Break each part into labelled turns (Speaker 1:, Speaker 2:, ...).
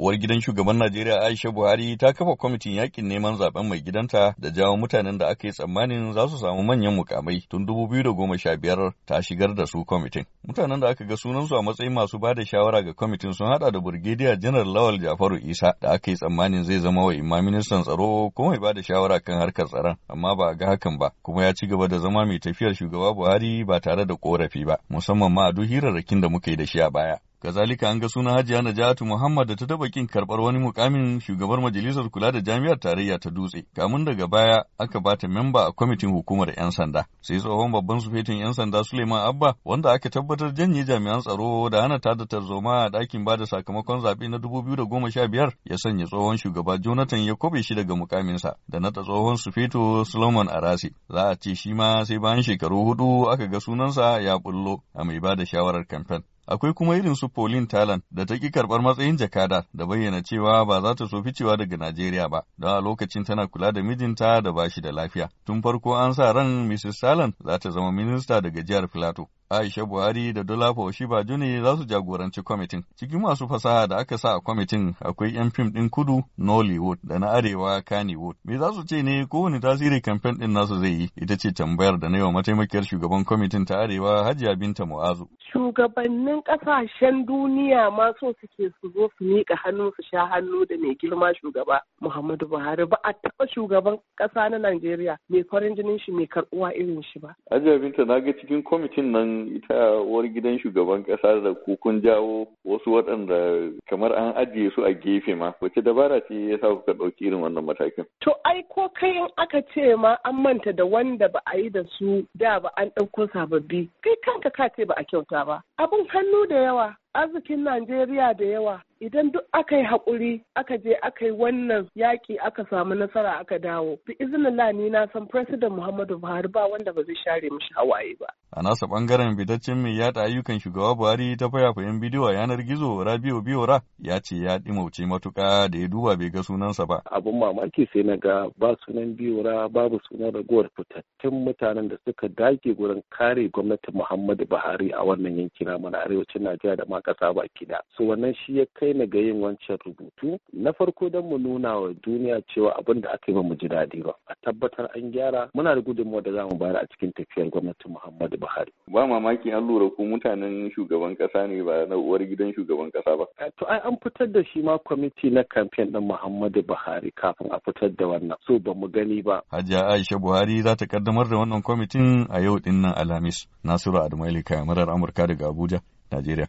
Speaker 1: Uwar gidan shugaban Najeriya Aisha Buhari ta kafa kwamitin yakin neman zaben mai gidanta da jawo mutanen da aka yi tsammanin za su samu manyan mukamai tun dubu biyu da goma sha biyar ta shigar da su kwamitin. Mutanen da aka ga sunansu a matsayin masu ba da shawara ga kwamitin sun haɗa da Burgediya Janar Lawal Jafaru Isa da aka yi tsammanin zai zama wa imma ministan tsaro ko mai ba da shawara kan harkar tsaron amma ba a ga hakan ba kuma ya ci gaba da zama mai tafiyar shugaba Buhari ba tare da korafi ba musamman ma a duk hirarrakin da muka yi da shi a baya. Kazalika an ga suna Hajiya Najatu Muhammad da ta taba kin karbar wani mukamin shugabar majalisar kula da jami'ar tarayya ta Dutse. Kamun daga baya aka bata memba a kwamitin hukumar 'yan sanda. Sai tsohon babban sufetin 'yan sanda Suleiman Abba wanda aka tabbatar janye jami'an tsaro da hana tada tarzoma a ɗakin bada sakamakon zaɓe na da goma sha biyar, ya sanya tsohon shugaba Jonathan ya kobe shi daga mukaminsa da nata tsohon sufeto a Arasi. Za a ce shi ma sai bayan shekaru hudu aka ga sunansa ya bullo a mai bada shawarar kamfen. Akwai kuma irin su Pauline Talent da ta ki karɓar matsayin jakada da bayyana cewa ba za ta so ficewa daga Najeriya ba, don a lokacin tana kula da mijinta da ba shi da lafiya. Tun farko an sa ran Mrs. Talent za ta zama minista daga jihar Filato. Aisha Buhari da Dolapo ba Juni za su jagoranci kwamitin. Cikin masu fasaha da aka sa a kwamitin akwai 'yan fim ɗin kudu Nollywood da na arewa Kannywood. Me za su ce ne kowane tasiri kamfen ɗin nasu zai yi? Ita ce tambayar da na yi wa mataimakiyar shugaban kwamitin ta arewa Hajiya Binta Mu'azu.
Speaker 2: shugabannin kasashen duniya ma so suke su zo su miƙa hannu su sha hannu da mai girma shugaba Muhammadu Buhari ba a taɓa shugaban ƙasa na Najeriya mai farin jinin shi mai karɓuwa irin shi ba.
Speaker 1: Ajabinta na ga cikin kwamitin nan ita uwar gidan shugaban ƙasa da kukun jawo wasu waɗanda kamar an ajiye su a gefe ma wace dabara ce ya sa kuka ɗauki irin wannan matakin.
Speaker 2: To ai ko kai in aka ce ma an manta da wanda ba a yi da su da ba an ɗauko sababbi kai kanka ka ce ba a kyauta ba abun hannu da yawa arzikin najeriya da yawa idan duk aka yi haƙuri aka je aka yi wannan yaƙi aka samu nasara aka dawo bi iznillah ni na san president muhammadu buhari ba wanda ba zai share mishi hawaye ba
Speaker 1: a nasa bangaren bidaccen mai yada ayyukan shugaba buhari ta fayafayen bidiyo a yanar gizo rabiu biyora ya ce ya ɗimauce matuƙa da ya duba bai ga sunansa ba
Speaker 3: abun mamaki sai na ga ba sunan biyora babu sunan ragowar fitattun mutanen da suka dage gurin kare gwamnatin muhammadu buhari a wannan yanki na mana arewacin najeriya da ma ƙasa baki da su wannan shi ya kai daina ga yin wancan rubutu na farko don mu nuna wa duniya cewa abin da aka yi ba mu ji daɗi ba a tabbatar an gyara muna da gudunmawa da za mu bayar a cikin tafiyar gwamnati Muhammadu Buhari.
Speaker 1: Ba mamaki an lura ko mutanen shugaban ƙasa ne ba na uwar gidan shugaban ƙasa ba. Eh, to ai an fitar da shi ma
Speaker 3: kwamiti na kamfen ɗin Muhammadu Buhari kafin a fitar da wannan. So ba mu gani ba.
Speaker 1: Hajiya Aisha Buhari za ta kaddamar da wannan kwamitin a yau ɗin nan Alhamis. Nasiru Adamu Elika, murar Amurka daga Abuja, Najeriya.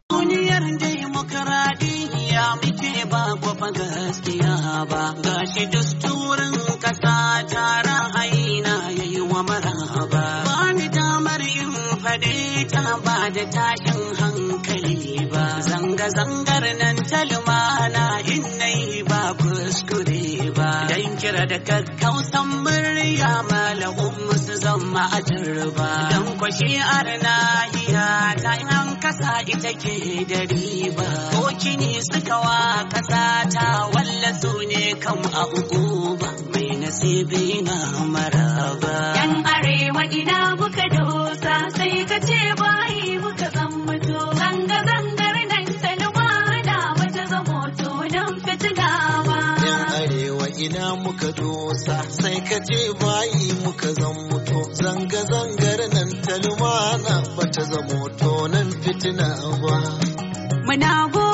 Speaker 2: Ya muke ba kofa gaskiya ba gashi dusturin ƙasa tara ra'ayina yayi wa maraba ba ni damar yin fade ta ba da tashin hankali ba zanga-zangar nan ta lumana in ba kuskure ba dan kira da kakkausan murya mala'un musu don ma'ajin riba. Don kwashi arnahiya ta kasa ita ke da riba. Kokini suka wa kasa ta walla ne kan a uku ba. Mai nasibi na maraba. Yan arewa ina buka dosa sai ka ce ba
Speaker 3: ina muka dosa sai ka je bayi muka zan muto zanga-zangar nan ta lumana bata zamo tonan fitina ba.
Speaker 2: Muna go